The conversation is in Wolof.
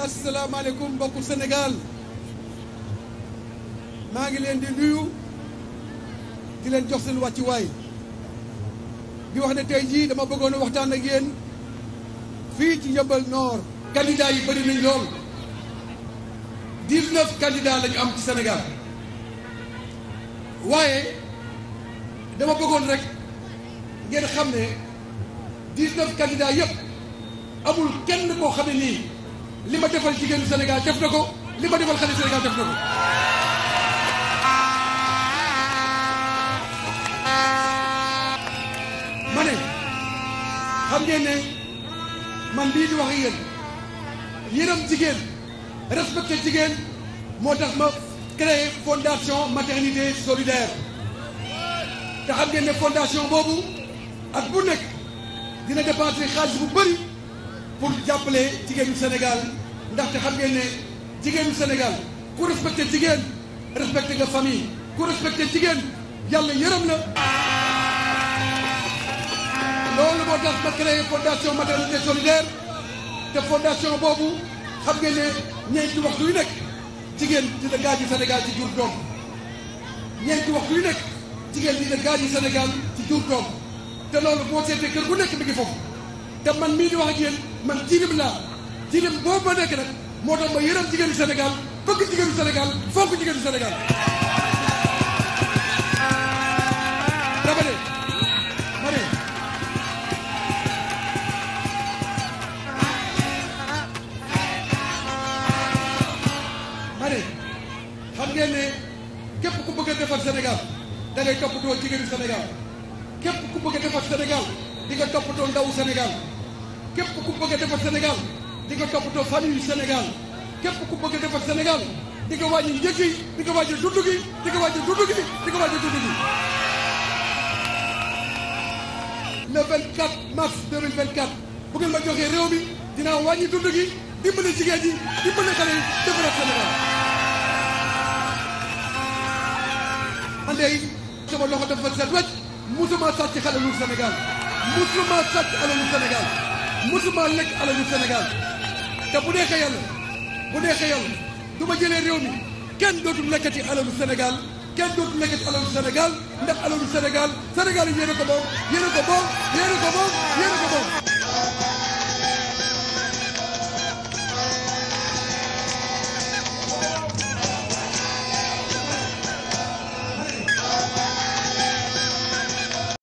asalaamaaleykum mbokku senegaal maa ngi leen di nuyu di leen jox seen wàccuwaay di wax ne tey jii dama bëggoon a waxtaan ak yéen fii ci Yeumbeul Nord. candidat yi bëri nañ lool dix-neuf candidats am ci Sénégal waaye dama bëggoon rek ngeen xam ne dix-neuf candidats amul kenn koo xam ne nii. li ma defal jigéenu Sénégal def na ko li ma defal xale Sénégal def na ko. ma ne xam ngeen man lii di wax ak yéen yërëm moo tax ma créé fondation maternité solidaire te xam ngeen boobu at bu nekk dina dépenser xaalis bu bëri pour jàppale jigéenu Sénégal. ndaxte xam ngeen ne Sénégal ku respecté jigéen respecté nga famille ku respecté jigéen yàlla yërëm la. loolu moo tax ma créé fondation maternité solidaire te fondation boobu xam ngeen ne ñeenti waxtu yu nekk jigéen dina gaañu Sénégal ci jur doom ñeenti waxtu yu nekk jigéen dina gaañu Sénégal ci jur doom te loolu boo seetee kër gu nekk mi ngi foofu te man mii di wax ak yéen man jirim laa. jigéen boobu ma nekk nag moo tax ma yërëm jigéenu Sénégal bëgg jigéenu Sénégal fonk jigéenu Sénégal. dama ne ma ne ma ne ne képp ku bëgg a defar Sénégal da ngay toppatoo jigéenu Sénégal képp ku bëgg defar Sénégal di nga toppatoo ndawu Sénégal képp ku bëgg a defar Sénégal. di ko toppatoo famille yu Sénégal képp ku bëgg a defar Sénégal di ko wàññi njëg yi di nga wàññi dund gi di nga wàññi dund gi di nga wàññi dund gi. le 24 mars 2024 bu ngeen ma joxee réew mi dinaa wàññi dund gi dimbali jigéen di dimbali xale yi defaraat Sénégal. man de sama loxo dafa set wecc musuma sàcc xale lu Sénégal musuma sàcc alalu Sénégal musuma lekk alalu Sénégal. te bu neexee yàlla bu neexee yàlla du ma jëlee réew mi kenn dootul lekkati alalu Sénégal kenn dootul lekkati alalu Sénégal ndax alalu Sénégal Sénégal yi yéen a ko moom yéen a ko moom yéen